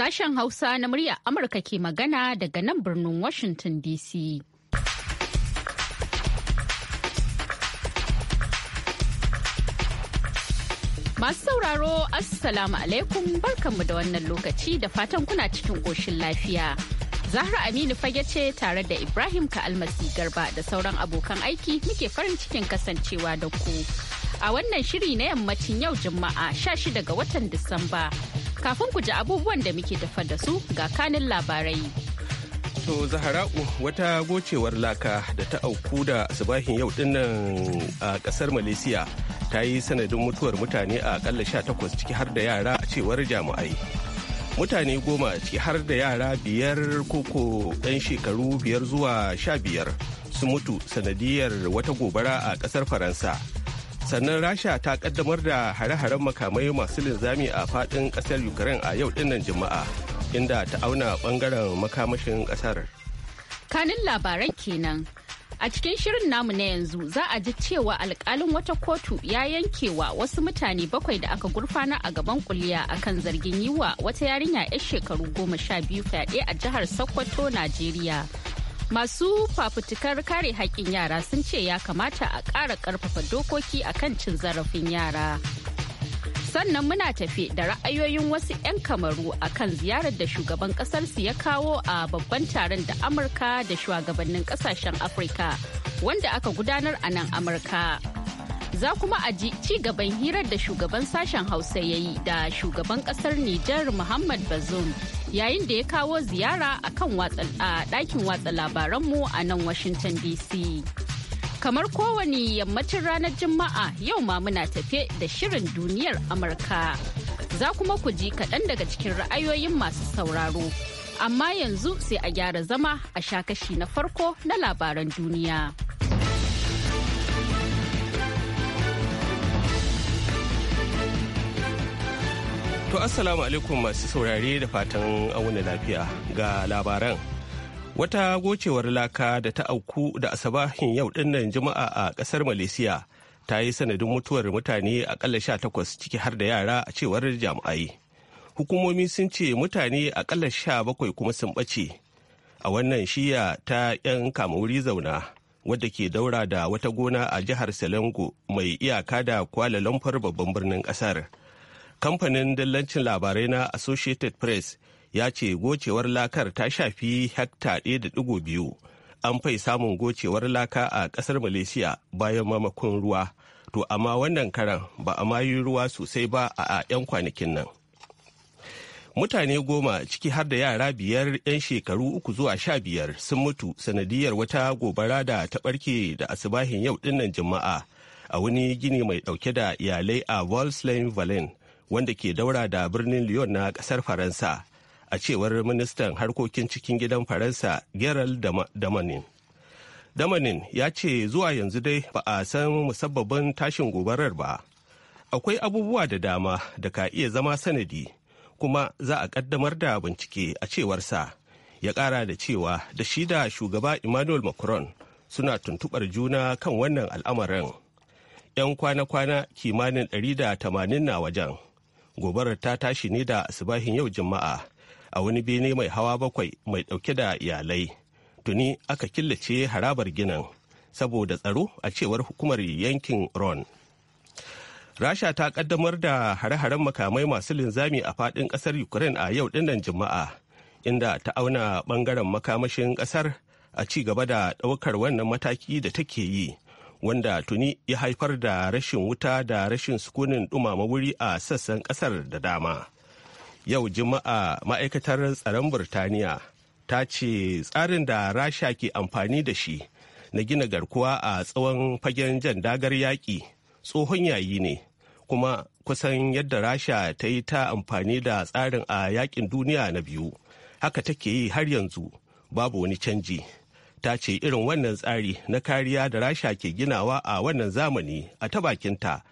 Sashen Hausa na murya Amurka ke magana daga nan birnin Washington DC. Masu sauraro, Assalamu alaikum barkanmu da wannan lokaci da fatan kuna cikin ƙoshin lafiya. Zahra Aminu fage ce tare da Ibrahim ka Almasi Garba da sauran abokan aiki muke farin cikin kasancewa da ku. A wannan shiri na yammacin yau Juma'a 16 ga watan Disamba. Kafin ku ji abubuwan da muke tafa da su ga kanin labarai. To Zahara'u wata gocewar laka da ta auku da asibahin yau dinnan a kasar Malaysia ta yi sanadin mutuwar mutane a akalla 18 ciki har da yara a cewar jami'ai. Mutane goma ciki har da yara biyar koko ɗan shekaru biyar zuwa sha biyar sun mutu sanadiyar wata gobara a ƙasar Faransa. sannan rasha ta kaddamar da hare-haren makamai masu linzami a fadin kasar ukraine a yau dinnan juma'a inda ta auna bangaren makamashin kasar kanin labaran kenan a cikin shirin namu na yanzu za a ji cewa alkalin wata kotu ya yankewa wasu mutane bakwai da aka gurfana a gaban kuliya akan zargin yiwa wata yarinya 'yar shekaru goma sha biyu fyaɗe a jihar sokoto najeriya masu fafutukar kare haƙƙin yara sun ce ya kamata a ƙara ƙarfafa dokoki a kan cin zarafin yara sannan muna tafe da ra'ayoyin wasu 'yan kamaru a kan ziyarar da shugaban ƙasarsu ya kawo a babban taron da amurka da shugabannin ƙasashen afirka wanda aka gudanar a nan amurka. za kuma a ji ci gaban hirar da shugaban sashen Hausa ya yi da shugaban kasar Nijar Muhammad Bazoum yayin da ya kawo ziyara a kan ɗakin watsa labaranmu a nan Washington DC. Kamar kowane yammacin ranar Juma'a yau ma muna tafe da shirin duniyar Amurka. Za kuma ku ji kaɗan daga cikin ra'ayoyin masu sauraro. Amma yanzu sai a gyara zama a sha kashi na farko na labaran duniya. To Assalamu alaikum masu saurare da fatan auna lafiya ga labaran. Wata gocewar laka da ta auku da asabahin yau dinnan juma'a a kasar Malaysia ta yi sanadin mutuwar mutane akalla sha takwas ciki har da yara a cewar jami'ai. Hukumomi sun ce mutane akalla sha bakwai kuma sun ɓace a wannan shiya ta 'yan kamauri zauna wadda ke daura da wata gona a jihar Selengo mai iyaka da Kuala Lumpur babban birnin ƙasar. kamfanin dillancin labarai na associated press ya ce gocewar lakar ta shafi hekta 1.2 an fai samun gocewar laka a kasar malaysia bayan mamakon ruwa to amma wannan karan ba a mayu ruwa sosai ba a 'yan kwanakin nan mutane goma ciki har da yara biyar 'yan shekaru uku zuwa sha biyar sun mutu sanadiyar wata gobara da ta barke da asibahin yau dinnan juma'a a wani gini mai dauke da iyalai a volkswagen valen wanda ke daura da birnin Lyon na kasar Faransa a cewar ministan harkokin cikin gidan Faransa Gerald Damanin. Damanin ya ce zuwa yanzu dai ba a san musabbabin tashin gobarar ba. Akwai abubuwa da dama da ka iya zama sanadi kuma za a kaddamar da bincike a cewarsa. Ya kara da cewa da shi da shugaba Emmanuel Macron suna tuntubar juna kan wannan al'amarin. 'Yan kwana-kwana kimanin 180 na wajen. gobarar ta tashi ne da asibahin yau juma'a a wani bene mai hawa bakwai mai dauke da iyalai tuni aka killace harabar ginin saboda tsaro a cewar hukumar yankin ron rasha ta kaddamar da hare-haren makamai masu linzami a fadin kasar ukraine a yau dinnan juma'a inda ta auna bangaren makamashin kasar a ci gaba da daukar wannan mataki da take yi wanda tuni ya haifar da rashin wuta da rashin sukunin dumama wuri a sassan kasar da dama yau juma'a ma'aikatar tsaron Birtaniya, ta ce tsarin da rasha ke amfani da shi na gina garkuwa a tsawon fagen jan dagar yaƙi tsohon yayi ne kuma kusan yadda rasha ta yi ta amfani da tsarin a yaƙin duniya na biyu haka take yi har yanzu babu wani canji. ta ce irin wannan tsari na kariya da rasha ke ginawa a wannan zamani a ta bakinta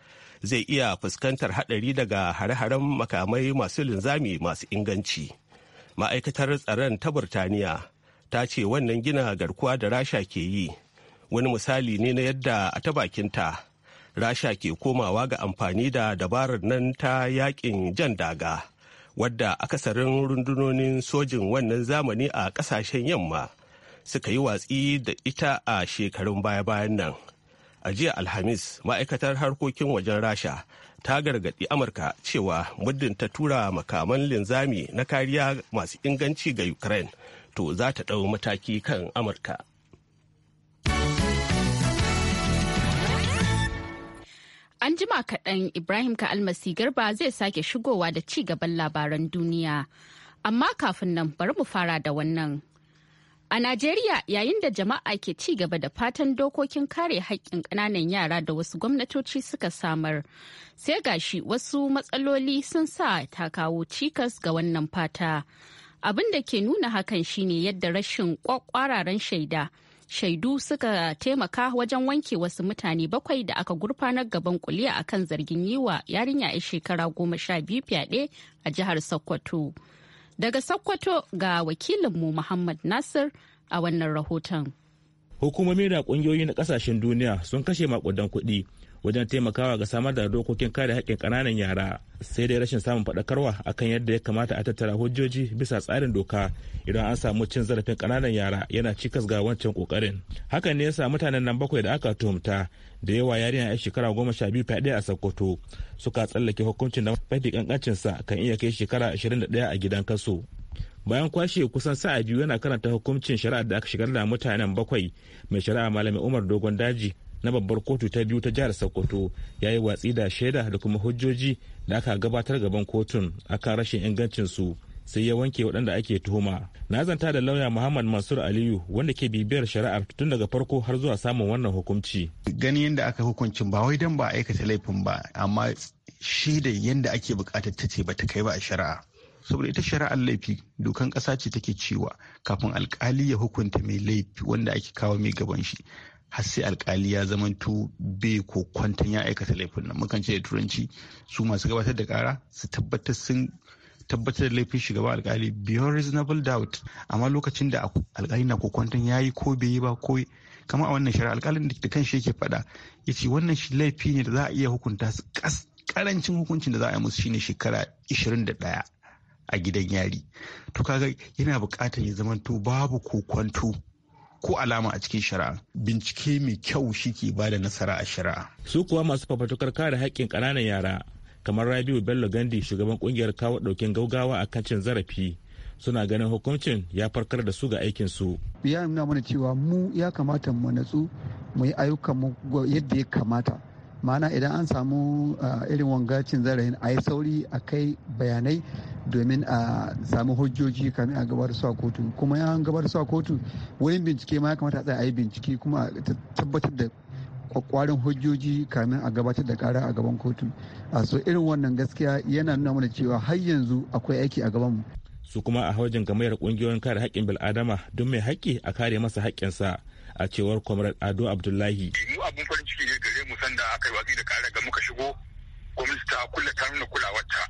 zai iya fuskantar haɗari daga hare-haren makamai masu linzami masu inganci ma'aikatar tsaron ta burtaniya ta ce wannan gina garkuwa da rasha ke yi wani misali ne na yadda a ta bakinta rasha ke komawa ga amfani da dabarar nan ta yakin jan daga wadda akasarin rundunonin sojin wannan zamani a kasashen yamma suka yi watsi da ita a shekarun baya-bayan nan. A jiya Alhamis, ma'aikatar harkokin wajen Rasha ta gargaɗi Amurka cewa muddin ta tura makaman linzami na kariya masu inganci ga Ukraine, to za ta ɗau mataki kan Amurka. An jima kaɗan Ibrahim ka almasi Garba zai sake shigowa da ci gaban labaran duniya. Amma kafin nan bari mu fara da wannan. A Najeriya yayin da jama'a ke ci gaba da fatan dokokin kare haƙƙin ƙananan yara da wasu gwamnatoci suka samar, sai gashi wasu matsaloli sun sa ta kawo cikas ga wannan fata. Abin da ke nuna hakan shine yadda rashin ƙwaƙwararan shaida. Shaidu suka taimaka wajen wanke wasu mutane bakwai da aka gurfanar gaban kuliya akan zargin yiwa yarinya 'yan shekara goma sha biyu fyaɗe a jihar Sokoto. Daga Sokoto ga wakilin mu Muhammad Nasir a wannan rahoton. Hukumomi da ƙungiyoyi na ƙasashen duniya sun kashe makudan kuɗi wajen taimakawa ga samar da dokokin kare haƙƙin ƙananan yara sai dai rashin samun faɗakarwa akan yadda ya kamata a tattara hujjoji bisa tsarin doka idan an samu cin zarafin ƙananan yara yana cikas ga wancan ƙoƙarin hakan ne yasa mutanen nan bakwai da aka tuhumta da yawa yarinya a shekara goma sha biyu fyaɗe a sokoto suka tsallake hukuncin da mafi ƙanƙancinsa kan iya kai shekara ashirin da ɗaya a gidan kaso bayan kwashe kusan sa'a biyu yana karanta hukuncin shari'ar da aka shigar da mutanen bakwai mai shari'a malami umar dogon daji na babbar kotu ta biyu ta jihar sokoto ya yi watsi da shaida da kuma hujjoji da aka gabatar gaban kotun akan rashin ingancinsu sai ya wanke waɗanda ake tuhuma na zanta da lauya muhammad mansur aliyu wanda ke bibiyar shari'ar tun daga farko har zuwa samun wannan hukunci gani yadda aka hukuncin ba wai dan ba aikata laifin ba amma da yadda ake bukatar ta ce bata kai ba a shari'a saboda ita shari'ar laifi dokan ƙasa ce take cewa kafin alkali ya hukunta mai laifi wanda ake kawo mai gaban shi har sai alkali ya zamanto bai ko kwantan ya aikata laifin nan mukan ce da turanci su masu gabatar da kara su tabbatar sun tabbatar da laifin shugaban alkali beyond reasonable doubt amma lokacin da alkali na ko kwantan ya yi ko bai yi ba ko kamar a wannan shari'a alkalin da kan shi yake faɗa ya ce wannan shi laifi ne da za a iya hukunta su karancin hukuncin da za a yi musu shine shekara 21 a gidan yari to kaga yana buƙatar ya zamanto babu kokwanto ko alama a cikin shari'a bincike mai kyau shi ke ba da nasara a shari'a su kuwa masu fafatukar kare haƙƙin ƙananan yara kamar rabiu bello gandi shugaban ƙungiyar kawo ɗaukin gaugawa a kan cin zarafi suna ganin hukuncin ya farkar da su ga aikin su ya nuna mana cewa mu ya kamata mu natsu mu yi ayyukan mu yadda ya kamata ma'ana idan an samu ah, irin wanga cin zarafin a yi sauri a kai bayanai domin a samu hujjoji kamin a gabar su a kotu kuma ya gabar su a kotu wurin bincike ma ya kamata a yi bincike kuma a tabbatar da kwakwarin hujjoji kamin a gabatar da kara a gaban kotu a ah, so irin wannan gaskiya yana nuna mana cewa har yanzu akwai aiki a gabanmu su kuma a hawajin gamayar kungiyoyin kare haƙƙin bil'adama don mai haƙƙi a kare masa haƙƙinsa a cewar comrade ado abdullahi mu abun farin ciki ne gare mu sanda aka yi watsi da kare muka shigo gwamnati ta kulle ta nuna kulawarta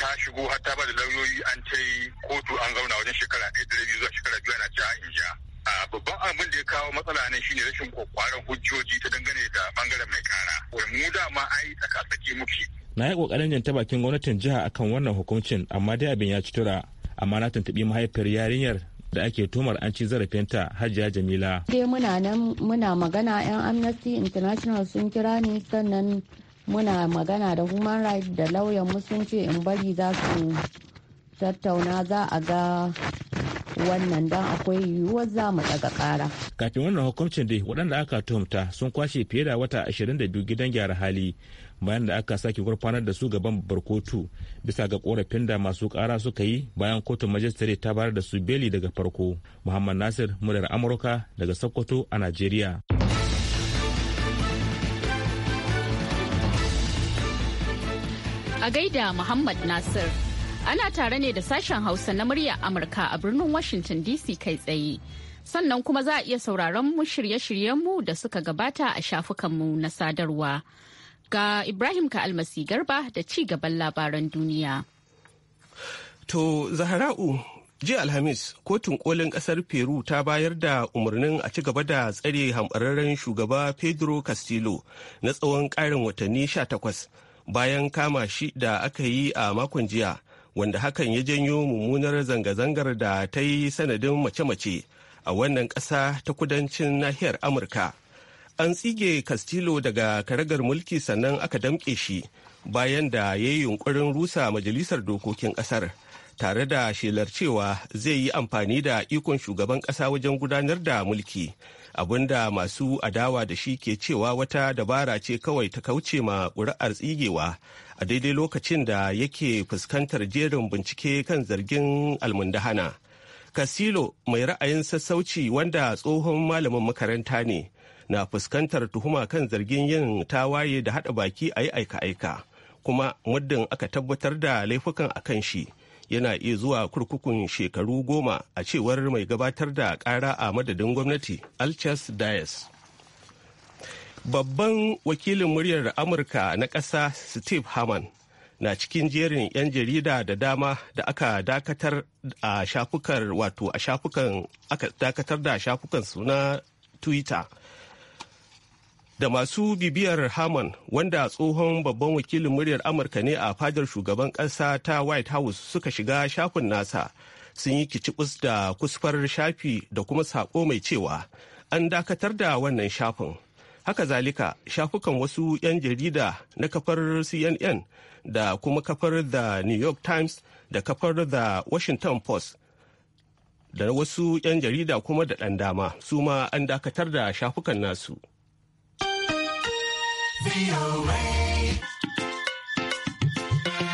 ta shigo har ta ba da lauyoyi an ta yi kotu an zauna wajen shekara ɗaya da rabi zuwa shekara biyu ana ja in ja a babban abin da ya kawo matsala ne shine rashin kwakwaran hujjoji ta dangane da bangaren mai kara mu dama ai tsakatsaki muke na yi kokarin jan ta bakin gwamnatin jiha akan wannan hukuncin amma dai abin ya ci tura amma na tuntuɓi mahaifiyar yarinyar da ake tumar an ci zarafinta hajiya jamila a muna nan muna magana yan amnesty international sun kira ni sannan muna magana da human rights da lauyan mu sun ce in bari za su tattauna za a ga wannan dan akwai yiwuwar za mu daga kara. Kafin wannan hukuncin dai waɗanda aka tuhumta sun kwashe fiye da wata 22 gidan gyara hali bayan da aka sake gurfanar da su gaban babbar kotu bisa ga korafin da masu kara suka yi bayan kotun majistare ta bayar da su beli daga farko muhammad nasir muryar amurka daga sokoto a najeriya a gaida muhammad nasir ana tare ne da sashen hausa na murya amurka a birnin washington dc kai tsaye sannan kuma za a iya sauraron mu shirye-shiryenmu da suka gabata a shafukanmu na sadarwa. ga Ibrahim ka almasi garba da ci gaban labaran duniya. To Zahara'u jiya alhamis kotun kolin kasar peru ta bayar da umarnin a ci gaba da tsare hamɓararren shugaba pedro castillo na tsawon ƙarin watanni takwas, bayan kama shi da aka yi a makon jiya wanda hakan ya janyo mummunar zanga-zangar da ta yi sanadin mace-mace a wannan ƙasa ta kudancin nahiyar amurka an tsige castillo daga karagar mulki sannan aka damƙe shi bayan da ya yi yunkurin rusa majalisar dokokin ƙasar tare da shelar cewa zai yi amfani da ikon shugaban ƙasa wajen gudanar da mulki abinda masu adawa da shi ke cewa wata dabara ce kawai ta kauce ma ƙuri'ar tsigewa a daidai lokacin da yake fuskantar jerin bincike kan zargin almundahana kasilo mai ra'ayin sassauci wanda tsohon malamin makaranta ne na fuskantar tuhuma kan zargin yin tawaye da haɗa baki a yi aika-aika kuma muddin aka tabbatar da laifukan a kan shi yana iya zuwa kurkukun shekaru goma a cewar mai gabatar da ƙara a madadin gwamnati alchas dias babban wakilin muryar amurka na ƙasa steve harman na cikin jerin 'yan jarida da dama da aka dakatar a shafukar wato a shafukan aka dakatar da shafukan su na twitter da masu bibiyar Hammond wanda tsohon babban wakilin muryar Amurka ne a fadar shugaban ƙasa ta White House suka shiga shafin nasa sun yi kicibus da kusfar shafi da kuma sako mai cewa an dakatar da wannan shafin. Haka zalika shafukan wasu 'yan jarida na kafar CNN da kuma kafar The New York Times da kafar The Washington Post da wasu 'yan jarida kuma da ɗan dama su ma an dakatar da shafukan nasu.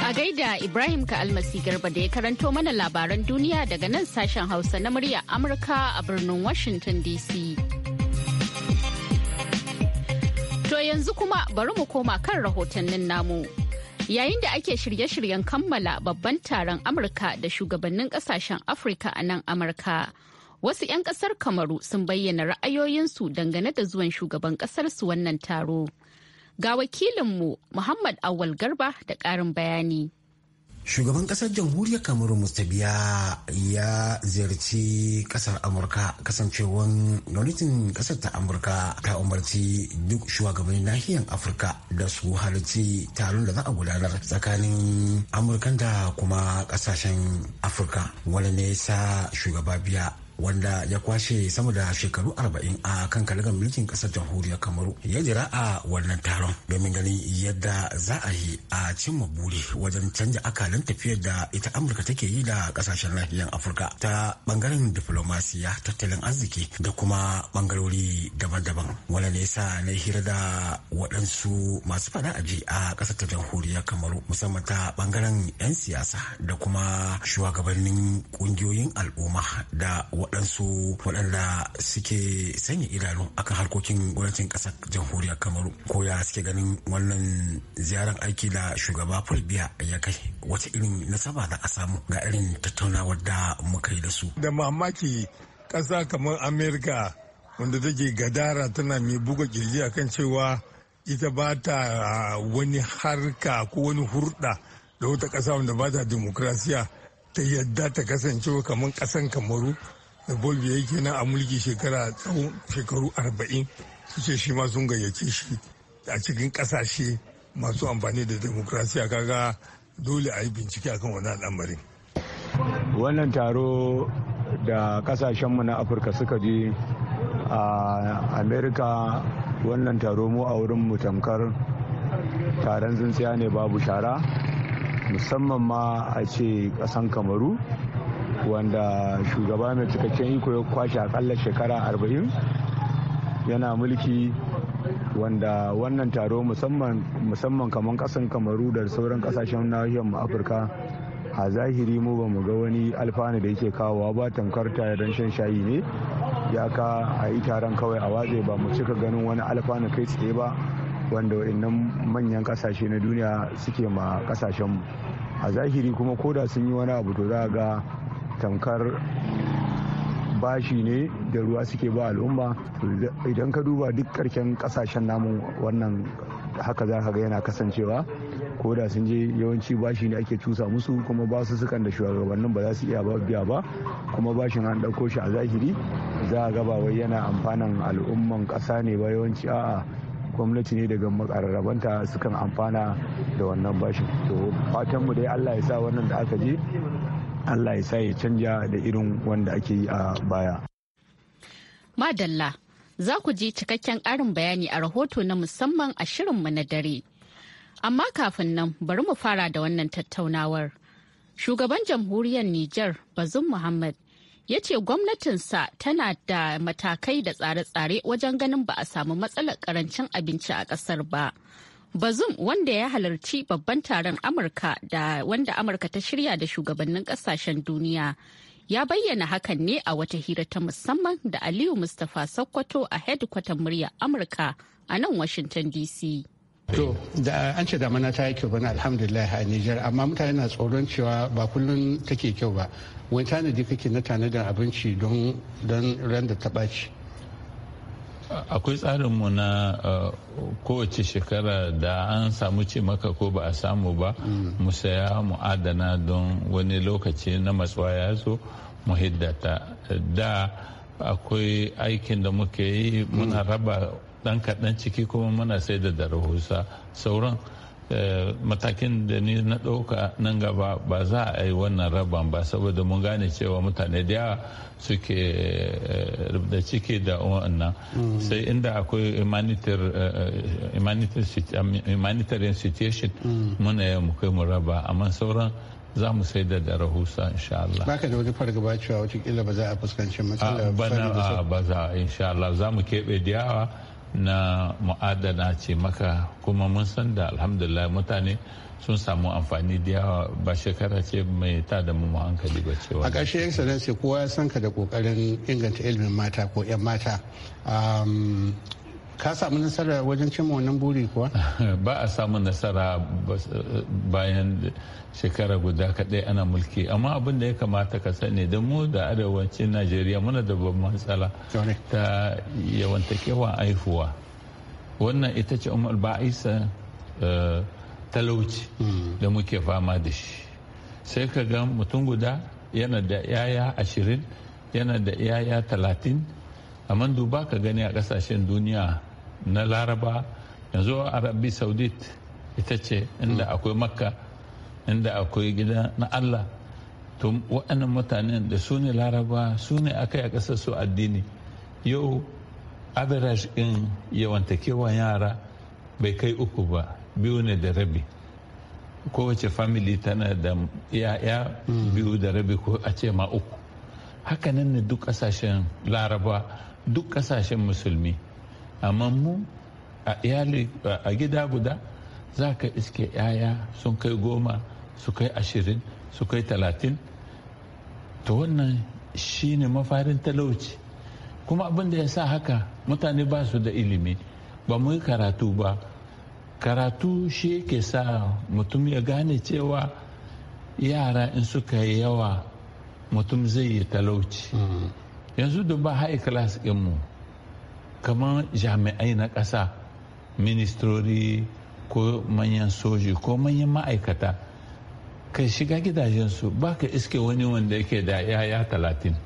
A gaida Ibrahim ka almasi garba da ya karanto mana labaran duniya daga nan sashen Hausa na murya Amurka a birnin Washington DC. To yanzu kuma bari mu koma kan rahotannin namu. Yayin da ake shirye-shiryen kammala babban taron Amurka da shugabannin kasashen Afirka a nan Amurka. Wasu 'yan kasar Kamaru sun bayyana ra'ayoyinsu dangane da zuwan shugaban kasarsu wannan taro. Ga wakilinmu Muhammad Awal Garba da ƙarin bayani. shugaban ƙasar jamhuriyar kamaru mustabiya ya ziyarci ƙasar amurka kasancewan gwamnatin ƙasar ta amurka ta umarci duk shugabannin nahiyar afirka da su halarci taron da za a gudanar tsakanin amurkan da kuma ƙasashen afirka wani ne sa shugaba biya wanda ya kwashe sama da shekaru 40 a kan kalagar mulkin kasar jamhuriyar kamaru ya jira a wannan taron domin ganin yadda za a yi a cimma buri wajen canja akalin tafiyar da ita amurka take yi da kasashen nahiyar afirka ta bangaren diplomasiya tattalin arziki da kuma bangarori daban-daban wanda ne sa na hira da waɗansu masu fada aji a ƙasar ta jamhuriyar kamaru musamman ta bangaren 'yan siyasa da kuma shugabannin ƙungiyoyin al'umma da waɗansu waɗanda suke sanya idanu akan harkokin gwamnatin ƙasar jamhuriyar kamaru ko ya suke ganin wannan ziyarar aiki da shugaba fulbiya ya kai wata irin nasaba da a samu ga irin tattaunawar da muka yi da su da mamaki ƙasa kamar amerika wanda take gadara tana mai buga kirji akan cewa ita ba ta ah, wani harka ko wani hurɗa da wata ƙasa wanda ba ta demokrasiya ta yadda ta kasancewa kamar ƙasan kamaru da bolbi yake nan a mulki shekara tsawon shekaru arba'in su ce shi ma sun gayyace shi a cikin kasashe masu amfani da demokrasiya kaga dole a yi bincike akan wannan al'amarin wannan taro da kasashenmu na afirka suka je a amerika wannan taro mu a wurin mu tamkar taron zinciya ne babu shara musamman ma a ce kasan kamaru wanda shugaba mai cikakken iko ya kwashe akalla shekara arba'in yana mulki wanda wannan taro musamman kamar kasan kamaru da sauran kasashen nahiyar mu afirka a zahiri mu ba mu ga wani alfanu da yake kawo ba tamkar taron shan shayi ne ya ka a yi taron kawai a watse ba mu cika ganin wani alfanu kai tsaye ba wanda waɗannan manyan kasashe na duniya suke ma kasashen mu a zahiri kuma koda sun yi wani abu to za ga tamkar bashi ne da ruwa suke ba al'umma idan ka duba duk karshen kasashen namun wannan haka za ka ga yana kasancewa ko da sun je yawanci bashi ne ake cusa musu kuma ba su sukan da shugabannin ba za su iya biya ba kuma bashin an ɗauko shi a zahiri za a gaba wai yana amfanan al'umman ƙasa ne ba yawanci a'a gwamnati ne daga makararrabanta sukan amfana da wannan bashin to fatanmu dai allah ya sa wannan da aka je allah ya sa ya canja da irin wanda ake yi a baya madalla za ku ji cikakken ƙarin bayani a rahoto na musamman a shirinmu na dare amma kafin nan bari mu fara da wannan tattaunawar shugaban jamhuriyar nijar bazum muhammad ya ce gwamnatinsa tana da matakai da tsare-tsare wajen ganin ba a samu matsalar karancin abinci a ƙasar ba Bazum wanda ya halarci babban taron Amurka da wanda Amurka ta shirya da shugabannin kasashen duniya. Ya bayyana hakan ne a wata hira ta musamman da Aliyu Mustapha Sokoto a headquarter murya Amurka a nan Washington DC. To da an ce damana ta yi kyau bana alhamdulillah a Nijar amma mutane na tsoron cewa ba kullum take kyau ba. Wani tanadi kake na tanadin abinci don randa da ta ɓaci. akwai tsarinmu na uh, kowace shekara da an samu ce maka ko ba a samu ba mm. mu saya mu adana don wani lokaci na matsuwa ya zo mu hiddata da akwai aikin da muke yi muna mm. raba dan kaɗan ciki kuma muna sai da rahusa sauran Eh, matakin da ni na ɗauka nan gaba ba za a yi wannan rabon ba saboda mun gane cewa mutane da yawa suke eh, da ciki da wannan mm. sai inda akwai humanitarian eh, situation mm. muna yi mu kai mu raba amma sauran za mu sai da rahusa insha Allah. Baka da wani fargaba cewa watakila ba za a fuskanci matsala ba za insha Allah za mu keɓe da yawa na mu'adana ce maka kuma mun san da alhamdulillah mutane sun samu amfani da yawa ba shekara ce mai ta da mu hankali ba cewa a ƙarshe ce kowa ya san ka da ƙoƙarin inganta ilimin mata ko 'yan mata um, ka samu nasara wajen cimma wannan buri kuwa ba a samu nasara bayan shekara guda kaɗai ana mulki amma abin da ya kamata ka sani da mu da arewacin najeriya muna da babban matsala ta yawantakewa aihuwa wannan ita ce umar ba isa eh, talauci hmm. da muke fama da shi sai ka ga mutum guda yana da yaya ashirin yana da yaya talatin amma duba ka gani a kasashen duniya na laraba yanzu arabi saudit ita ce inda hmm. akwai makka inda akwai gida na allah to waɗannan mutanen da su ne laraba su ne aka yi a ƙasar su addini yau average in kewan yara bai kai uku ba biyu ne da rabi kowace family tana da yaya hmm. biyu da rabi ko a ce ma uku hakanan ne duk ƙasashen laraba duk ƙasashen musulmi amma mu a iyali a gida guda za ka iske 'ya'ya sun kai goma su kai ashirin su kai talatin ta wannan shi ne mafarin talauci kuma abin da ya sa haka mutane ba su da ilimi ba mu yi karatu ba karatu shi yake sa mutum ya gane cewa yara in suka yi yawa mutum zai yi talauci mm. yanzu da ba high class mu kamar jami'ai na ƙasa ministrori ko manyan soji ko manyan ma'aikata kai shiga gidajensu ba ka iske wani wanda yake da yaya talatin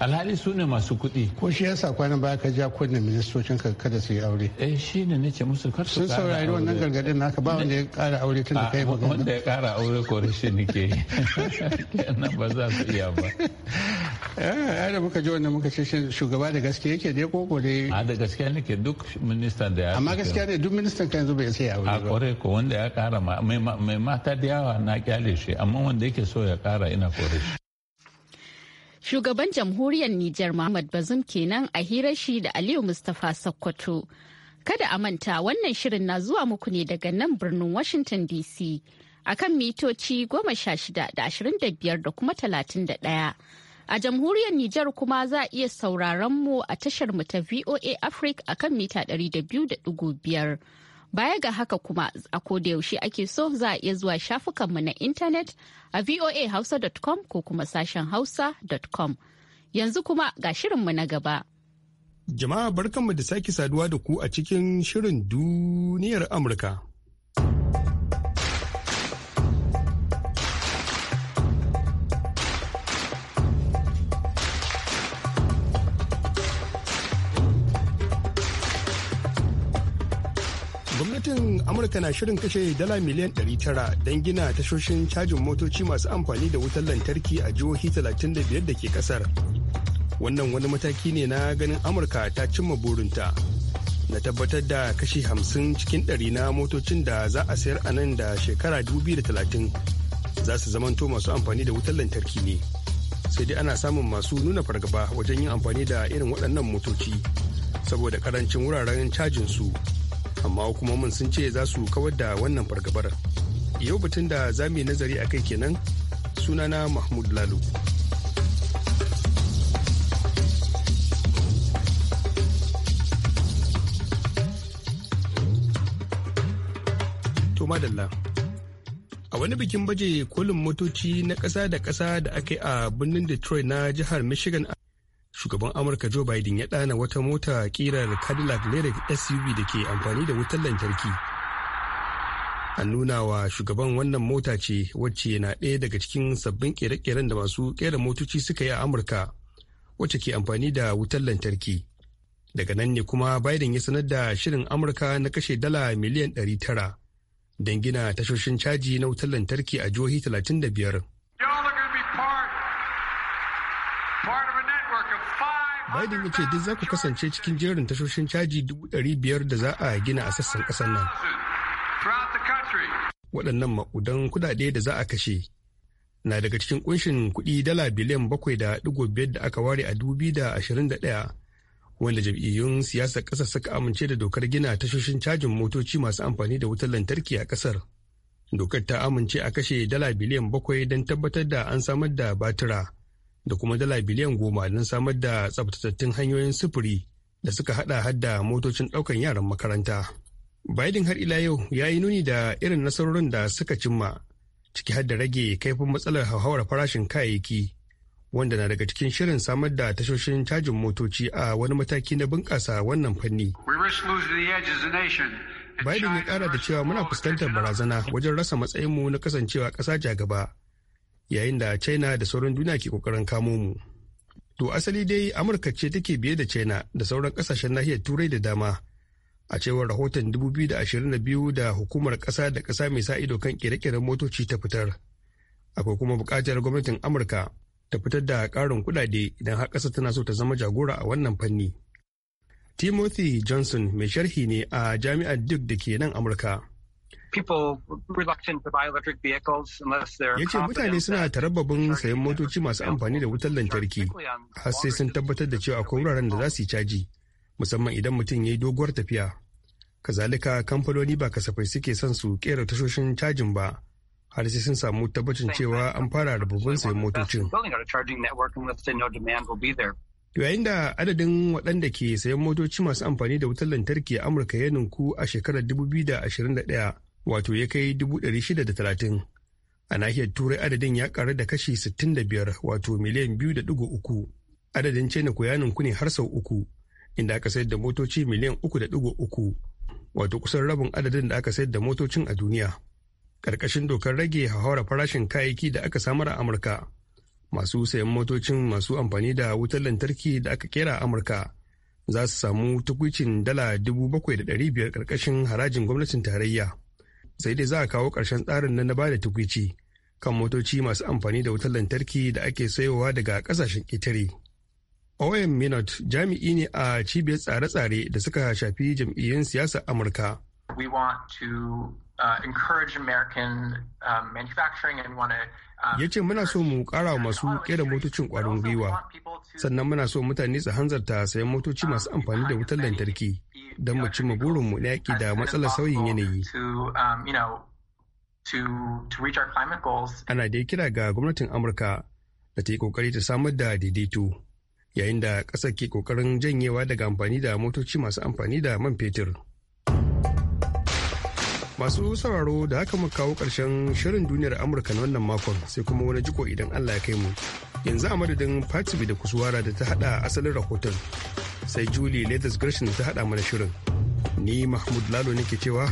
alhali su ne masu kuɗi. ko shi yasa kwanan baya ka ja kunnen ministocin kada su yi aure eh shi ne nace musu kar su sun saurari wannan gargadin naka ba wanda ya ƙara aure tun da ah, kai magana wanda ya ƙara aure ko shi nike nan ba za su iya ba eh da muka ji wannan muka ce shugaba da gaske yake dai ko ko dai a ah, da gaskiya nake duk ministan da ya amma gaskiya ne duk ministan kan yanzu bai sai aure ah, ba a kore ko wanda ya kara mai mata da yawa na kyale shi amma wanda yake so ya kara ina kore shi Shugaban jamhuriyar Nijar Muhammad Bazum kenan a hirar shi da Aliyu Mustapha Sokoto. Kada a manta wannan shirin na zuwa muku ne daga nan birnin Washington DC akan mitoci goma sha shida da ashirin da biyar da kuma talatin da ɗaya. A jamhuriyar Nijar kuma za a iya sauraron mu a tashar mu ta VOA Africa a kan mita ɗari biyar. Baya ga haka kuma a yaushe ake so za a iya zuwa shafukanmu na intanet a voahausa.com ko kuma sashen hausa.com. Yanzu kuma ga shirinmu na gaba. Jama'a barkanmu da sake saduwa da ku a cikin shirin duniyar Amurka. gwamnatin amurka na shirin kashe dala miliyan 900 don gina tashoshin cajin motoci masu amfani da wutar lantarki a jihohi 35 da ke kasar wannan wani mataki ne na ganin amurka ta cimma burinta na tabbatar da kashi 50 cikin 100 na motocin da za a sayar a nan da shekara 2030 za su zamanto masu amfani da wutar lantarki ne sai dai ana samun masu nuna fargaba wajen yin amfani da irin waɗannan motoci saboda karancin wuraren cajin su amma hukumomin sun ce za su kawar da wannan fargabar yau batun da za mu yi nazari a kai kenan sunana mahmud lalu madalla a wani bikin baje kolin motoci na ƙasa da ƙasa da aka yi a birnin detroit na jihar michigan shugaban amurka joe biden ya ɗana wata mota kirar cadillac lyric suv da ke amfani da wutar lantarki an nuna wa shugaban wannan mota ce wacce na ɗaya daga cikin sabbin kere-keren da masu kera motoci suka yi a amurka wacce ke amfani da wutar lantarki daga nan ne kuma biden ya sanar da shirin amurka na kashe dala miliyan 900 don gina tashoshin caji na wutar lantarki a jihohi 35 Biden ya ce duk za ku kasance cikin jerin tashoshin caji 500 da za a gina a sassan ƙasar nan. Waɗannan maƙudan kuɗaɗe da za a kashe na daga cikin kunshin kuɗi dala biliyan bakwai da ɗigo biyar da aka ware a dubi da ashirin da ɗaya wanda jam'iyyun siyasar ƙasar suka amince da dokar gina tashoshin cajin motoci masu amfani da wutar lantarki a ƙasar. Dokar ta amince a kashe dala biliyan bakwai don tabbatar da an samar da batira da kuma dala biliyan goma don samar da tsabtatattun hanyoyin sufuri da suka hada hadda motocin daukan yaran makaranta. Biden har ila yau ya yi nuni da irin nasarorin da suka cimma ciki har da rage kaifin matsalar hauhawar farashin kayayyaki wanda na daga cikin shirin samar da tashoshin cajin motoci a wani mataki na bunƙasa wannan fanni. Biden ya ƙara da cewa muna fuskantar barazana wajen rasa matsayinmu na kasancewa ƙasa ja gaba. yayin da china da sauran duniya ke kokarin kamo mu to asali dai amurka ce take biye da china da sauran kasashen nahiyar turai da dama a cewar rahoton 2022 da hukumar kasa da kasa mai sa ido kan kere-keren motoci ta fitar akwai kuma bukatar gwamnatin amurka ta fitar da karin kudade idan har kasa tana so ta zama jagora a wannan fanni timothy johnson mai sharhi ne a jami'ar duke da ke nan amurka Ya ce mutane suna tarabbabin sayan motoci masu amfani da wutar lantarki har sai sun tabbatar da cewa akwai wuraren da za su yi caji musamman idan mutum ya yi doguwar tafiya. Kazalika kamfanoni ba kasafai suke son su kera tashoshin cajin ba har sai sun samu tabbacin cewa an fara rububin sayan motocin. Yayin da adadin waɗanda ke sayan motoci masu amfani da wutar lantarki a Amurka ya ninku a shekarar 2021 wato ya kai 630 a nahiyar turai adadin ya karu da kashi 65 wato miliyan 2.3 adadin china ku ya ninku ne har sau uku inda aka sayar da motoci miliyan 3.3 wato kusan rabin adadin da aka sayar da motocin a duniya ƙarƙashin dokar rage hauhawar farashin kayayyaki da aka samar a amurka masu sayan motocin masu amfani da wutar lantarki da aka kera a amurka za su samu tukwicin dala 7,500 ƙarƙashin harajin gwamnatin tarayya sai dai za a kawo ƙarshen tsarin nan na ba da tukwici kan motoci masu amfani da wutar lantarki da ake sayowa daga ƙasashen ƙetare. Owen Minot jami'i ne a cibiyar tsare-tsare da suka shafi jam'iyyun siyasar Amurka. Uh, uh, uh, ya ce muna so mu kara wa masu kera motocin kwarin gwiwa sannan muna so mutane su hanzarta sayan motoci masu amfani da wutar lantarki don mu cimma burinmu na yaƙi da matsalar sauyin yanayi. Um, Ana dai kira ga gwamnatin Amurka da ta yi ƙoƙari ta samar da daidaito yayin da ƙasar ke ƙoƙarin janyewa daga amfani da motoci masu amfani da man fetur. Masu sauraro da haka mu kawo ƙarshen shirin duniyar Amurka na wannan makon sai kuma wani jiko idan Allah ya kai mu. Yanzu a madadin Fatibi da kuswara da ta hada asalin rahoton. sai Julie Leathers Gershon ta haɗa mana shirin. Ni Mahmud Lalo nake cewa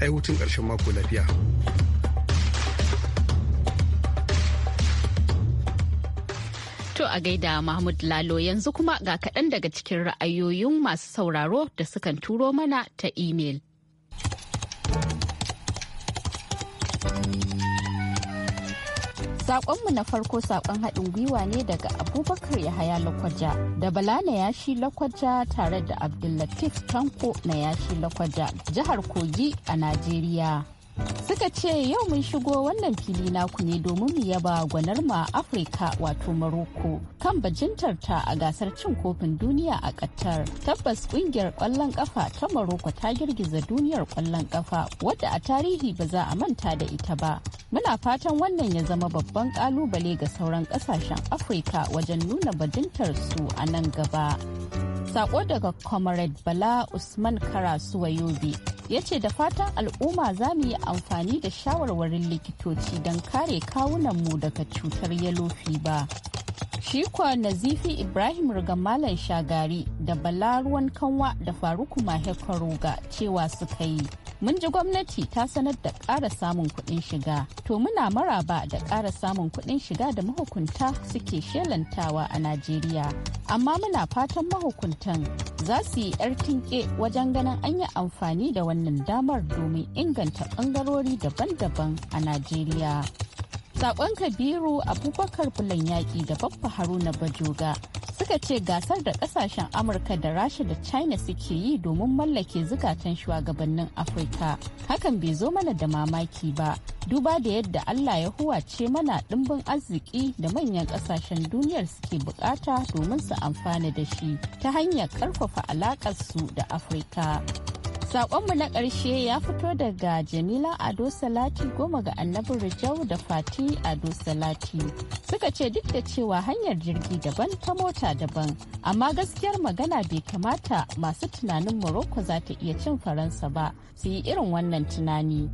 ai hutun ƙarshen mako lafiya. To a gaida Mahmud Lalo yanzu kuma ga kaɗan daga cikin ra'ayoyin masu sauraro da sukan turo mana ta imel. Sakonmu na farko saƙon haɗin gwiwa ne daga Abubakar Yahaya Lakwaja da Bala na yashi Lakwaja tare da Abdullatif Tanko na yashi Lakwaja jihar Kogi a Najeriya. suka ce yau mun shigo wannan fili naku ne domin mu yaba gwanar ma afirka wato maroko kan bajintar ta a gasar cin kofin duniya a qatar tabbas kungiyar kwallon kafa ta maroko ta girgiza duniyar kwallon kafa wadda a tarihi ba za a manta da ita ba muna fatan wannan ya zama babban kalubale ga sauran kasashen afirka wajen nuna bajintar su a nan gaba Sako daga Comrade Bala Usman Karasuwa Yobe ya ce da fatan al'umma za mu yi amfani da shawarwarin likitoci don kare kawunanmu daga cutar yellow fever. Shi Nazifi Ibrahim Rugamalan Shagari da Balaruwan Kanwa da Faruku Mahe Kwaroga cewa suka yi. Mun ji gwamnati ta sanar da ƙara samun kuɗin shiga. To muna maraba da ƙara samun kuɗin shiga da mahukunta suke shelantawa a Najeriya. Amma muna fatan mahukuntan za su yi 'yar tinke wajen ganin an yi amfani da wannan damar domin inganta ɓangarori daban-daban a Najeriya. Sakon Kabiru Abubakar Bulan Yaƙi da babba Haruna Bajoga suka ce gasar da kasashen Amurka da Rasha da China suke yi domin mallake zukatan shugabannin Afirka. Hakan bai zo mana da mamaki ba, duba da yadda Allah ya ce mana ɗimbin arziki da manyan kasashen duniyar suke bukata domin su amfana da shi ta hanyar ƙarfafa alaƙarsu da Afirka. Sakonmu na ƙarshe ya fito daga Jamila Ado Salati goma ga annabi Rijau da Fati Ado Salati. Suka ce duk da cewa hanyar jirgi daban ta mota daban, amma gaskiyar magana bai kamata masu tunanin Morocco za ta iya cin Faransa ba su yi irin wannan tunani.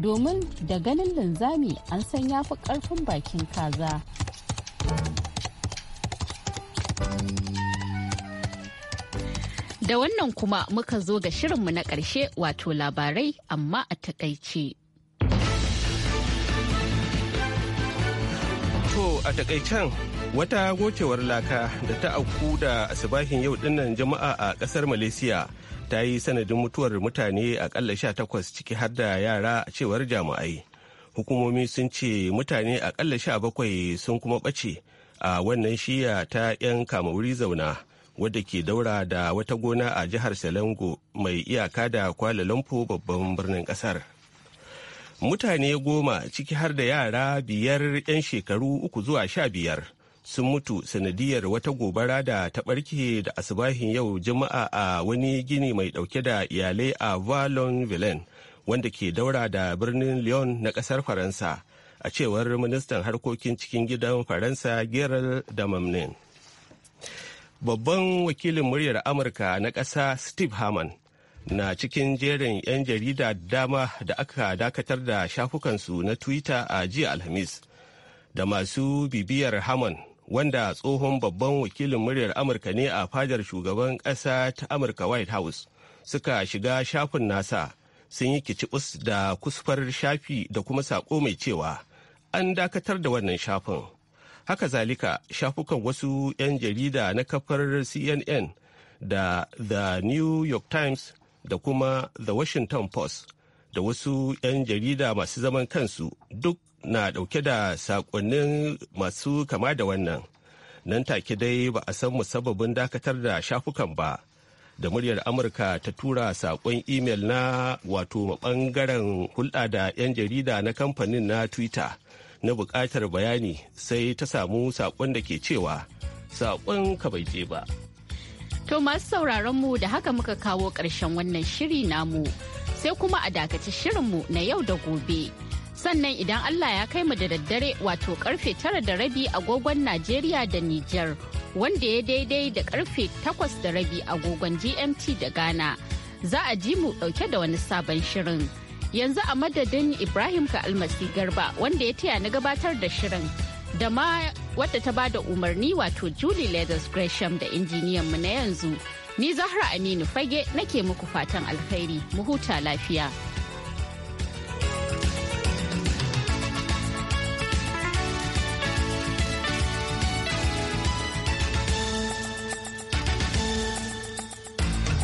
Domin da ganin linzami an san ya fi ƙarfin bakin kaza. Da wannan kuma muka zo ga shirinmu na ƙarshe wato labarai amma a takaice. To a takaicen wata gocewar laka da ta auku da asibahin yau dinnan jama'a a ƙasar Malaysia ta yi sanadin mutuwar mutane akalla takwas ciki har da yara a cewar jami'ai. Hukumomi sun ce mutane akalla bakwai sun kuma ɓace a wannan shiya ta 'yan kama wuri zauna. wadda ke daura da wata gona a jihar selengo mai iyaka da Kuala babban birnin kasar. Mutane goma ciki har da yara biyar 'yan shekaru uku zuwa sha biyar sun mutu sanadiyar wata gobara da ta barke da asibahin yau juma'a a wani gini mai dauke da iyalai a Valon Villain wanda ke daura da birnin Lyon na kasar Faransa a cewar ministan harkokin cikin gidan Faransa Gerald Damamnin. babban wakilin muryar amurka na ƙasa steve harman na cikin jerin 'yan jarida dama da aka dakatar da shafukansu na twitter a jiya alhamis da masu bibiyar haman wanda tsohon babban wakilin muryar amurka ne a fadar shugaban ƙasa ta amurka white house suka shiga shafin nasa sun yi kicibus da kusfar shafi da kuma sako mai cewa an dakatar da wannan shafin haka zalika shafukan wasu 'yan jarida na kafar cnn da the new york times da kuma the washington post da wasu 'yan jarida masu zaman kansu duk na dauke da sakonnin masu kama da wannan nan take dai ba a san musabbabin dakatar da shafukan ba da muryar amurka ta tura sakon imel na wato bangaren hulɗa da 'yan jarida na kamfanin na twitter na buƙatar bayani sai ta samu saƙon da ke cewa saƙon ka bai je ba. To masu sauraron mu da haka muka kawo ƙarshen wannan shiri namu sai kuma a dakaci shirinmu na yau da gobe. Sannan idan Allah ya kai mu da daddare wato karfe tara da rabi agogon Najeriya da Nijar wanda ya daidai da karfe takwas da rabi agogon GMT da Ghana za a ji mu dauke da wani sabon shirin. yanzu a madadin ibrahim ka almasi garba wanda ya taya na gabatar da shirin da ma wadda ta bada umarni wato julie leathers gresham da injiniyan mu na yanzu ni zahra aminu fage nake muku fatan alkhairi mu huta lafiya.